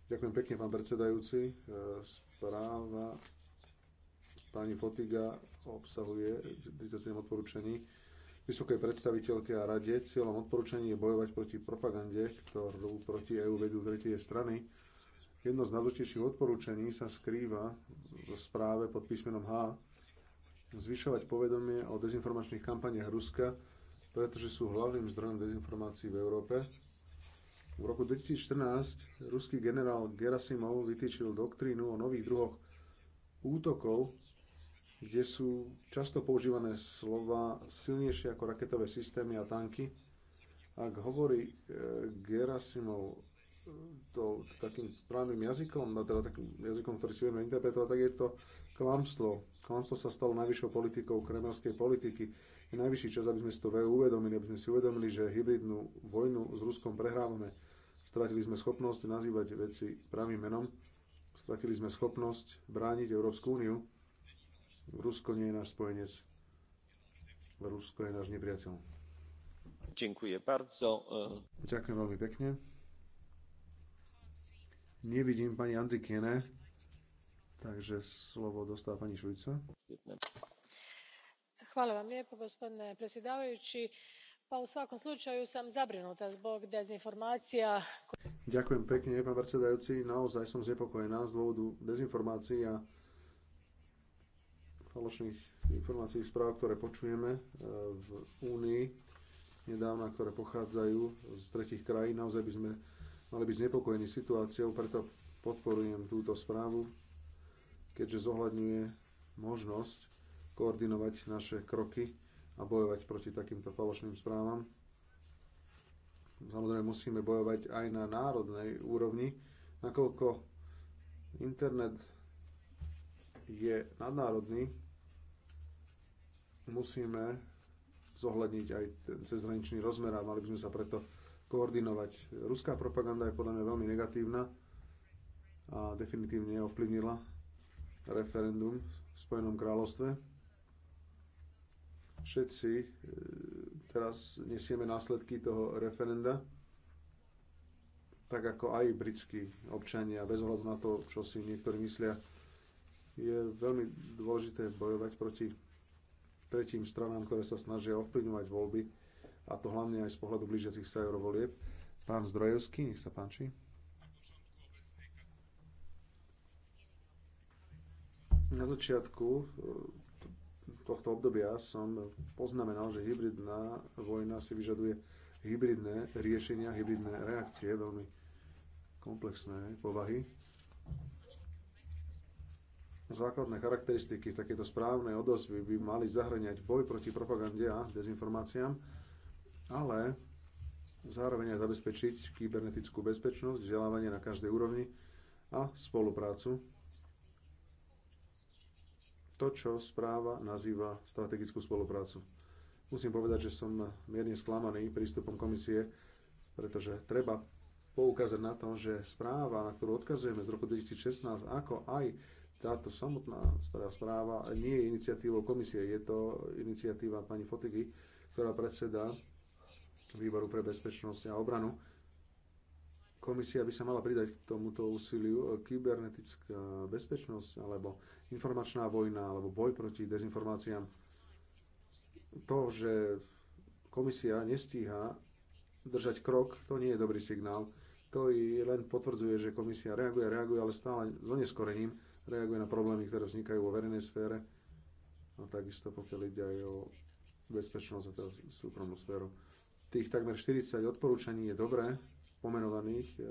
Ďakujem pekne, pán predsedajúci. E, správa pani Fotiga obsahuje 37 odporúčaní vysokej predstaviteľke a rade. Cieľom odporúčaní je bojovať proti propagande, ktorú proti EÚ vedú tretie strany. Jedno z najdôležitejších odporúčaní sa skrýva v správe pod písmenom H. Zvyšovať povedomie o dezinformačných kampaniach Ruska, pretože sú hlavným zdrojom dezinformácií v Európe. V roku 2014 ruský generál Gerasimov vytýčil doktrínu o nových druhoch útokov kde sú často používané slova silnejšie ako raketové systémy a tanky. Ak hovorí e, Gerasimov e, to takým správnym jazykom, no teda takým jazykom, ktorý si vieme interpretovať, tak je to klamstvo. Klamstvo sa stalo najvyššou politikou kremelskej politiky. Je najvyšší čas, aby sme si to e uvedomili, aby sme si uvedomili, že hybridnú vojnu s Ruskom prehrávame. Stratili sme schopnosť nazývať veci pravým menom. Stratili sme schopnosť brániť Európsku úniu Rusko nie je náš spojenec. Rusko je náš nepriateľ. Ďakujem bardzo. Ďakujem veľmi pekne. Nevidím pani Andrikiene, takže slovo dostáva pani Šujca. Hvala vam lijepo, gospodine predsjedavajući. Pa u svakom slučaju sam zabrinuta zbog dezinformacija. Ďakujem pekne, pán predsedajúci. Naozaj som znepokojená z dôvodu dezinformácií a falošných informácií, správ, ktoré počujeme e, v Únii nedávna, ktoré pochádzajú z tretich krajín. Naozaj by sme mali byť znepokojení situáciou, preto podporujem túto správu, keďže zohľadňuje možnosť koordinovať naše kroky a bojovať proti takýmto falošným správam. Samozrejme musíme bojovať aj na národnej úrovni, nakoľko internet je nadnárodný, musíme zohľadniť aj ten cezhraničný rozmer a mali by sme sa preto koordinovať. Ruská propaganda je podľa mňa veľmi negatívna a definitívne ovplyvnila referendum v Spojenom kráľovstve. Všetci e, teraz nesieme následky toho referenda, tak ako aj britskí občania, bez ohľadu na to, čo si niektorí myslia. Je veľmi dôležité bojovať proti tretím stranám, ktoré sa snažia ovplyvňovať voľby, a to hlavne aj z pohľadu blížiacich sa eurovolieb. Pán Zdrojevský, nech sa páči. Na začiatku eh, tohto obdobia som poznamenal, že hybridná vojna si vyžaduje hybridné riešenia, hybridné reakcie, veľmi komplexné povahy. Základné charakteristiky takéto správnej odozvy by mali zahŕňať boj proti propagande a dezinformáciám, ale zároveň aj zabezpečiť kybernetickú bezpečnosť, vzdelávanie na každej úrovni a spoluprácu. To, čo správa nazýva strategickú spoluprácu. Musím povedať, že som mierne sklamaný prístupom komisie, pretože treba poukázať na to, že správa, na ktorú odkazujeme z roku 2016, ako aj táto samotná stará správa nie je iniciatívou komisie, je to iniciatíva pani Fotigy, ktorá predseda Výboru pre bezpečnosť a obranu. Komisia by sa mala pridať k tomuto úsiliu. Kybernetická bezpečnosť alebo informačná vojna alebo boj proti dezinformáciám. To, že komisia nestíha držať krok, to nie je dobrý signál. To i len potvrdzuje, že komisia reaguje, reaguje, ale stále so reaguje na problémy, ktoré vznikajú vo verejnej sfére a takisto pokiaľ ide aj o bezpečnosť a teda súkromnú sféru. Tých takmer 40 odporúčaní je dobré, pomenovaných, e,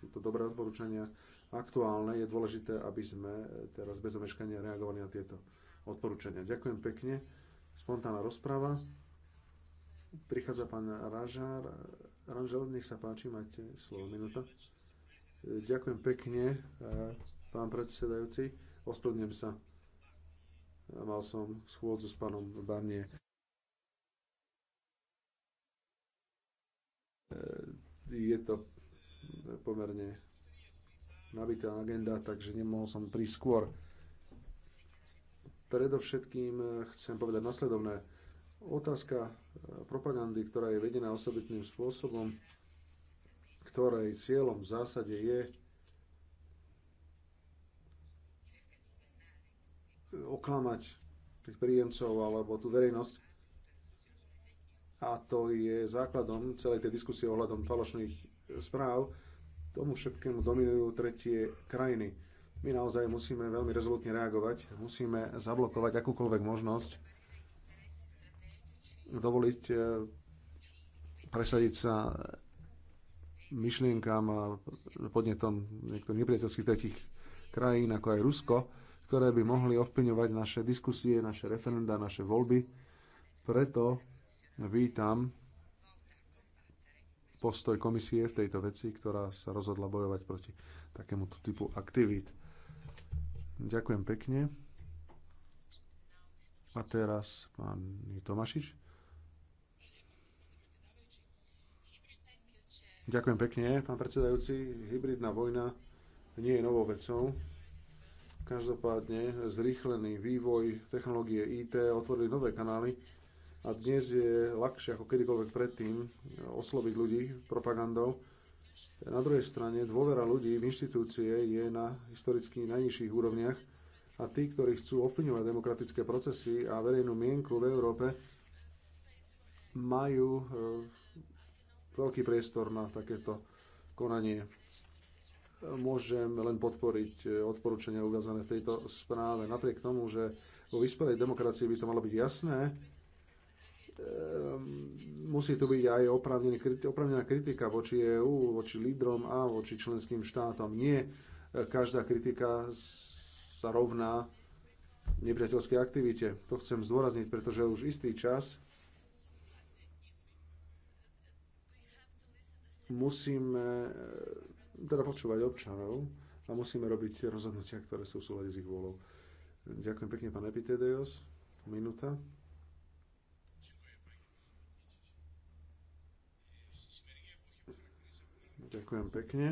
sú to dobré odporúčania, aktuálne, je dôležité, aby sme teraz bez omeškania reagovali na tieto odporúčania. Ďakujem pekne. Spontánna rozprava. Prichádza pán Ražár. Ranžel, nech sa páči, máte slovo minúta. E, ďakujem pekne. E, pán predsedajúci. Ospravedlňujem sa. Mal som schôdzu s pánom Barnie. E, je to pomerne nabitá agenda, takže nemohol som prísť skôr. Predovšetkým e, chcem povedať nasledovné. Otázka e, propagandy, ktorá je vedená osobitným spôsobom, ktorej cieľom v zásade je oklamať tých príjemcov alebo tú verejnosť. A to je základom celej tej diskusie ohľadom falošných správ. Tomu všetkému dominujú tretie krajiny. My naozaj musíme veľmi rezolutne reagovať, musíme zablokovať akúkoľvek možnosť dovoliť e, presadiť sa myšlienkám a podnetom niektorých nepriateľských tretich krajín, ako aj Rusko, ktoré by mohli ovplyvňovať naše diskusie, naše referenda, naše voľby. Preto vítam postoj komisie v tejto veci, ktorá sa rozhodla bojovať proti takémuto typu aktivít. Ďakujem pekne. A teraz pán Tomášič. Ďakujem pekne, pán predsedajúci. Hybridná vojna nie je novou vecou Každopádne zrýchlený vývoj technológie IT otvorili nové kanály a dnes je ľahšie ako kedykoľvek predtým osloviť ľudí propagandou. Na druhej strane dôvera ľudí v inštitúcie je na historicky najnižších úrovniach a tí, ktorí chcú ovplyvňovať demokratické procesy a verejnú mienku v Európe, majú eh, veľký priestor na takéto konanie môžem len podporiť e, odporúčania uvázané v tejto správe. Napriek tomu, že vo vyspelej demokracii by to malo byť jasné, e, musí tu byť aj oprávnená kritika voči EÚ, voči lídrom a voči členským štátom. Nie e, každá kritika sa rovná nepriateľskej aktivite. To chcem zdôrazniť, pretože už istý čas musíme teda počúvať občanov a musíme robiť rozhodnutia, ktoré sú v súlade s ich vôľou. Ďakujem pekne, pán Epitedeos. Minúta. Ďakujem pekne.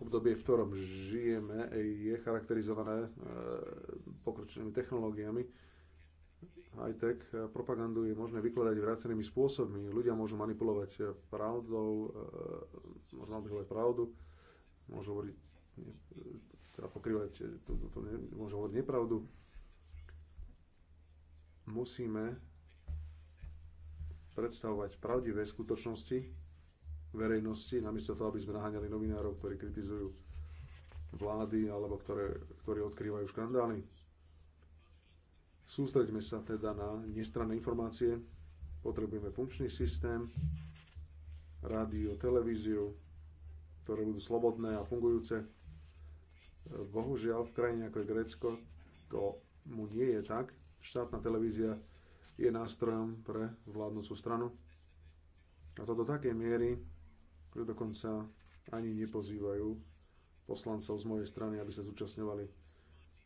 Obdobie, v ktorom žijeme, je charakterizované eh, pokročenými technológiami high-tech, e, propagandu je možné vykladať vrácenými spôsobmi. Ľudia môžu manipulovať e, pravdou, e, môžu manipulovať pravdu, môžu hovoriť, teda pokrývať, to, to, to, môžu hovoriť nepravdu. Musíme predstavovať pravdivé skutočnosti verejnosti, namiesto toho, aby sme naháňali novinárov, ktorí kritizujú vlády alebo ktoré, ktorí odkrývajú škandály Sústreďme sa teda na nestranné informácie. Potrebujeme funkčný systém, rádio, televíziu, ktoré budú slobodné a fungujúce. Bohužiaľ, v krajine ako je Grécko, to mu nie je tak. Štátna televízia je nástrojom pre vládnúcu stranu. A to do takej miery, že dokonca ani nepozývajú poslancov z mojej strany, aby sa zúčastňovali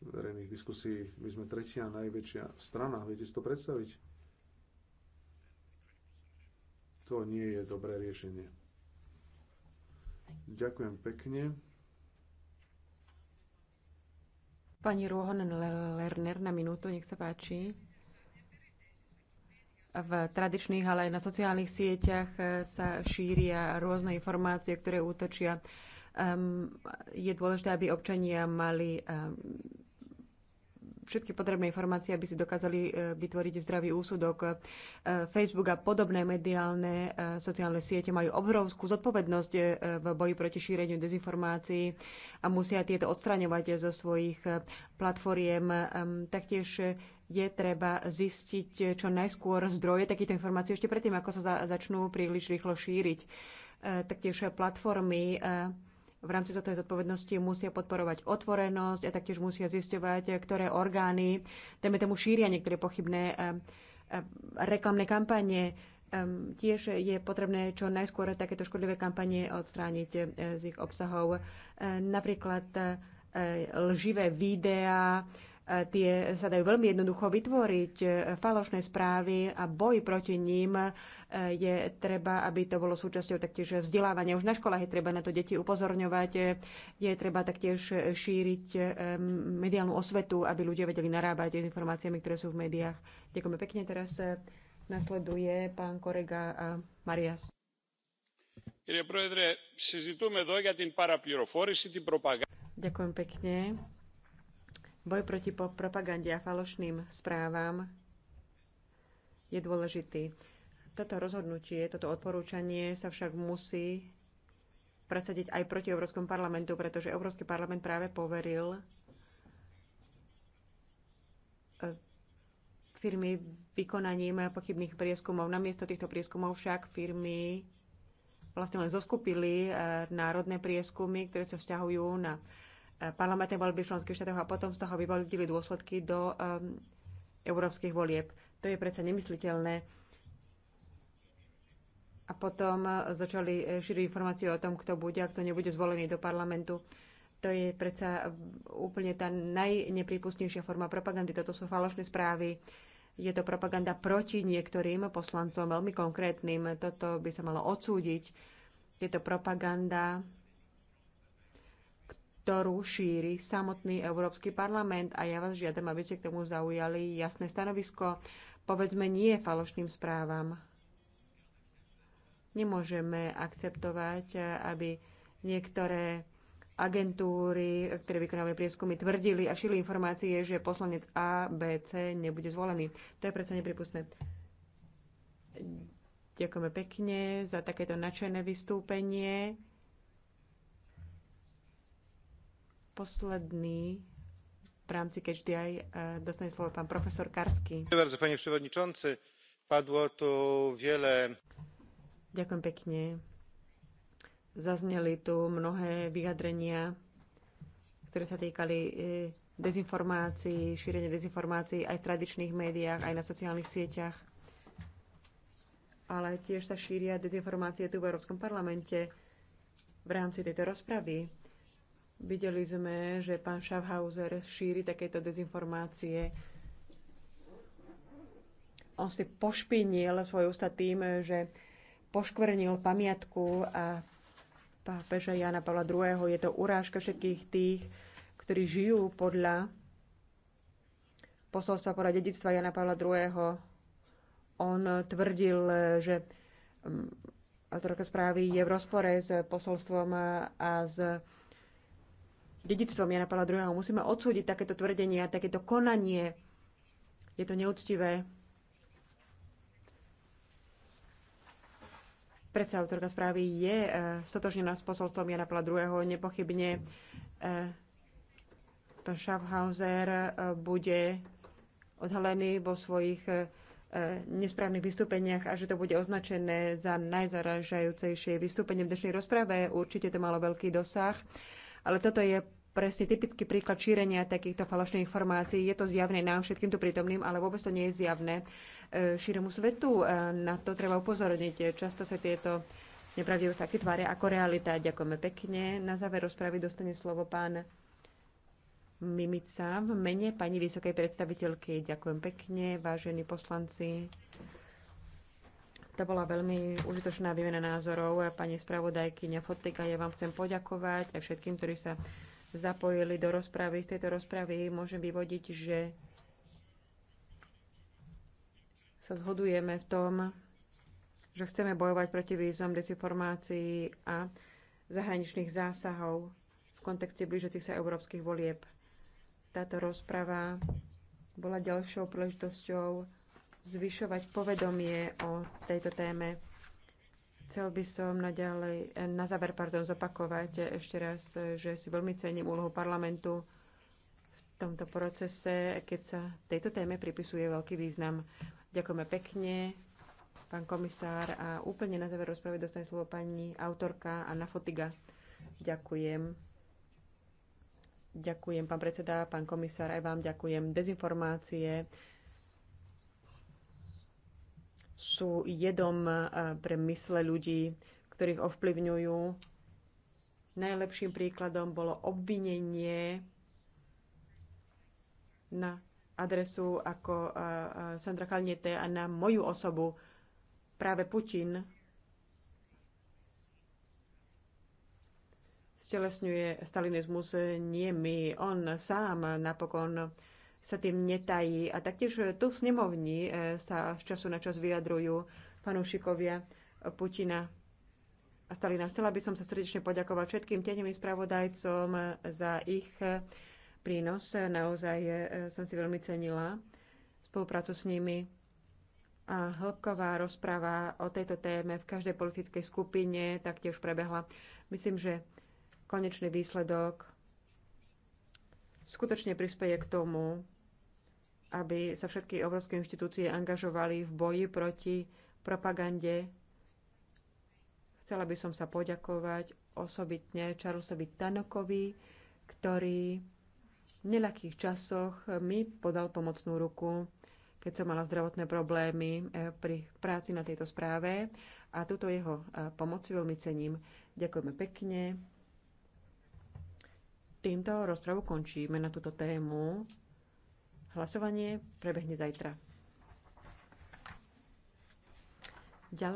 verejných diskusí. My sme tretia najväčšia strana, viete si to predstaviť? To nie je dobré riešenie. Ďakujem pekne. Pani rohon Lerner na minútu, nech sa páči. V tradičných, ale aj na sociálnych sieťach eh, sa šíria rôzne informácie, ktoré útočia. je dôležité, aby občania mali všetky potrebné informácie, aby si dokázali e, vytvoriť zdravý úsudok. E, Facebook a podobné mediálne e, sociálne siete majú obrovskú zodpovednosť v boji proti šíreniu dezinformácií a musia tieto odstraňovať zo svojich platformiem. Taktiež je treba zistiť čo najskôr zdroje takýchto informácií ešte predtým, ako sa začnú príliš rýchlo šíriť. Taktiež platformy v rámci za tej zodpovednosti musia podporovať otvorenosť a taktiež musia zisťovať, ktoré orgány, dajme tomu šíria niektoré pochybné eh, eh, reklamné kampanie. Ehm, tiež je potrebné čo najskôr takéto škodlivé kampanie odstrániť eh, z ich obsahov. Napríklad lživé videá, Tie sa dajú veľmi jednoducho vytvoriť. E, falošné správy a boj proti ním e, je treba, aby to bolo súčasťou taktiež vzdelávania. Už na školách je treba na to deti upozorňovať. E, je treba taktiež šíriť mediálnu osvetu, aby ľudia vedeli narábať s informáciami, ktoré sú v médiách. Ďakujeme pekne. Teraz nasleduje pán Korega Marias. Ďakujem pekne. Boj proti propagande a falošným správam je dôležitý. Toto rozhodnutie, toto odporúčanie sa však musí presadiť aj proti Európskom parlamentu, pretože Európsky parlament práve poveril e, firmy vykonaním pochybných prieskumov. Namiesto týchto prieskumov však firmy vlastne len zoskupili e, národné prieskumy, ktoré sa vzťahujú na Eh, parlamentné voľby v členských štátoch a potom z toho vyvolili dôsledky do um, európskych volieb. To je predsa nemysliteľné. A potom eh, začali eh, šíriť informácie o tom, kto bude a kto nebude zvolený do parlamentu. To je predsa úplne tá najnepripustnejšia forma propagandy. Toto sú falošné správy. Je to propaganda proti niektorým poslancom, veľmi konkrétnym. Toto by sa malo odsúdiť. Je to propaganda ktorú šíri samotný Európsky parlament a ja vás žiadam, aby ste k tomu zaujali jasné stanovisko. Povedzme nie falošným správam. Nemôžeme akceptovať, aby niektoré agentúry, ktoré vykonávajú prieskumy, tvrdili a šili informácie, že poslanec A, B, C nebude zvolený. To je predsa nepripustné. Ďakujeme pekne za takéto nadšené vystúpenie. Posledný v rámci CatchDI e, dostane slovo pán profesor Karsky. tu Ďakujem pekne. Zazneli tu mnohé vyjadrenia, ktoré sa týkali e, dezinformácií, šírenia dezinformácií aj v tradičných médiách, aj na sociálnych sieťach. Ale tiež sa šíria dezinformácie tu v Európskom parlamente v rámci tejto rozpravy Videli sme, že pán Schaffhauser šíri takéto dezinformácie. On si pošpinil svoje ústa tým, že poškvrnil pamiatku a pápeža Jana Pavla II. Je to urážka všetkých tých, ktorí žijú podľa posolstva podľa dedictva Jana Pavla II. On tvrdil, že mm, autorka správy je v rozpore s posolstvom a s dedictvom Jana Pavla II. Musíme odsúdiť takéto tvrdenie a takéto konanie. Je to neúctivé. Predsa autorka správy je e, stotožnená s posolstvom Jana Pavla II. Nepochybne e, to Schaffhauser e, bude odhalený vo svojich e, nesprávnych vystúpeniach a že to bude označené za najzaražajúcejšie vystúpenie v dnešnej rozprave. Určite to malo veľký dosah. Ale toto je presne typický príklad šírenia takýchto falošných informácií. Je to zjavné nám všetkým tu prítomným, ale vôbec to nie je zjavné e, širomu svetu. E, na to treba upozorniť. E, často sa tieto nepravdivé fakty tvária ako realita. Ďakujeme pekne. Na záver rozpravy dostane slovo pán Mimica v mene pani vysokej predstaviteľky. Ďakujem pekne, vážení poslanci. To bola veľmi užitočná výmena názorov. Pani spravodajkyňa Nefotika, ja vám chcem poďakovať aj všetkým, ktorí sa zapojili do rozpravy. Z tejto rozpravy môžem vyvodiť, že sa zhodujeme v tom, že chceme bojovať proti výzom, desinformácií a zahraničných zásahov v kontexte blížiacich sa európskych volieb. Táto rozprava bola ďalšou príležitosťou zvyšovať povedomie o tejto téme. Chcel by som naďalej, na záver pardon, zopakovať ešte raz, že si veľmi cením úlohu parlamentu v tomto procese, keď sa tejto téme pripisuje veľký význam. Ďakujeme pekne, pán komisár. A úplne na záver rozpravy dostane slovo pani autorka Anna Fotiga. Ďakujem. Ďakujem, pán predseda, pán komisár, aj vám ďakujem. Dezinformácie, sú jedom e, pre mysle ľudí, ktorých ovplyvňujú. Najlepším príkladom bolo obvinenie na adresu ako e, e, Sandra Kalniete a na moju osobu práve Putin stelesňuje stalinizmus nie my. On sám napokon sa tým netají. A taktiež eh, tu v snemovni eh, sa z času na čas vyjadrujú fanúšikovia eh, Putina a Stalina. Chcela by som sa srdečne poďakovať všetkým tenevým spravodajcom za ich prínos. Naozaj som si veľmi cenila spoluprácu s nimi. A hĺbková rozprava o tejto téme v každej politickej skupine taktiež prebehla. Myslím, že konečný výsledok skutočne prispieje k tomu, aby sa všetky európske inštitúcie angažovali v boji proti propagande. Chcela by som sa poďakovať osobitne Charlesovi Tanokovi, ktorý v nelakých časoch mi podal pomocnú ruku, keď som mala zdravotné problémy eh, pri práci na tejto správe a túto jeho eh, pomoc veľmi cením. Ďakujeme pekne. Týmto rozpravu končíme na túto tému. Hlasovanie prebehne zajtra.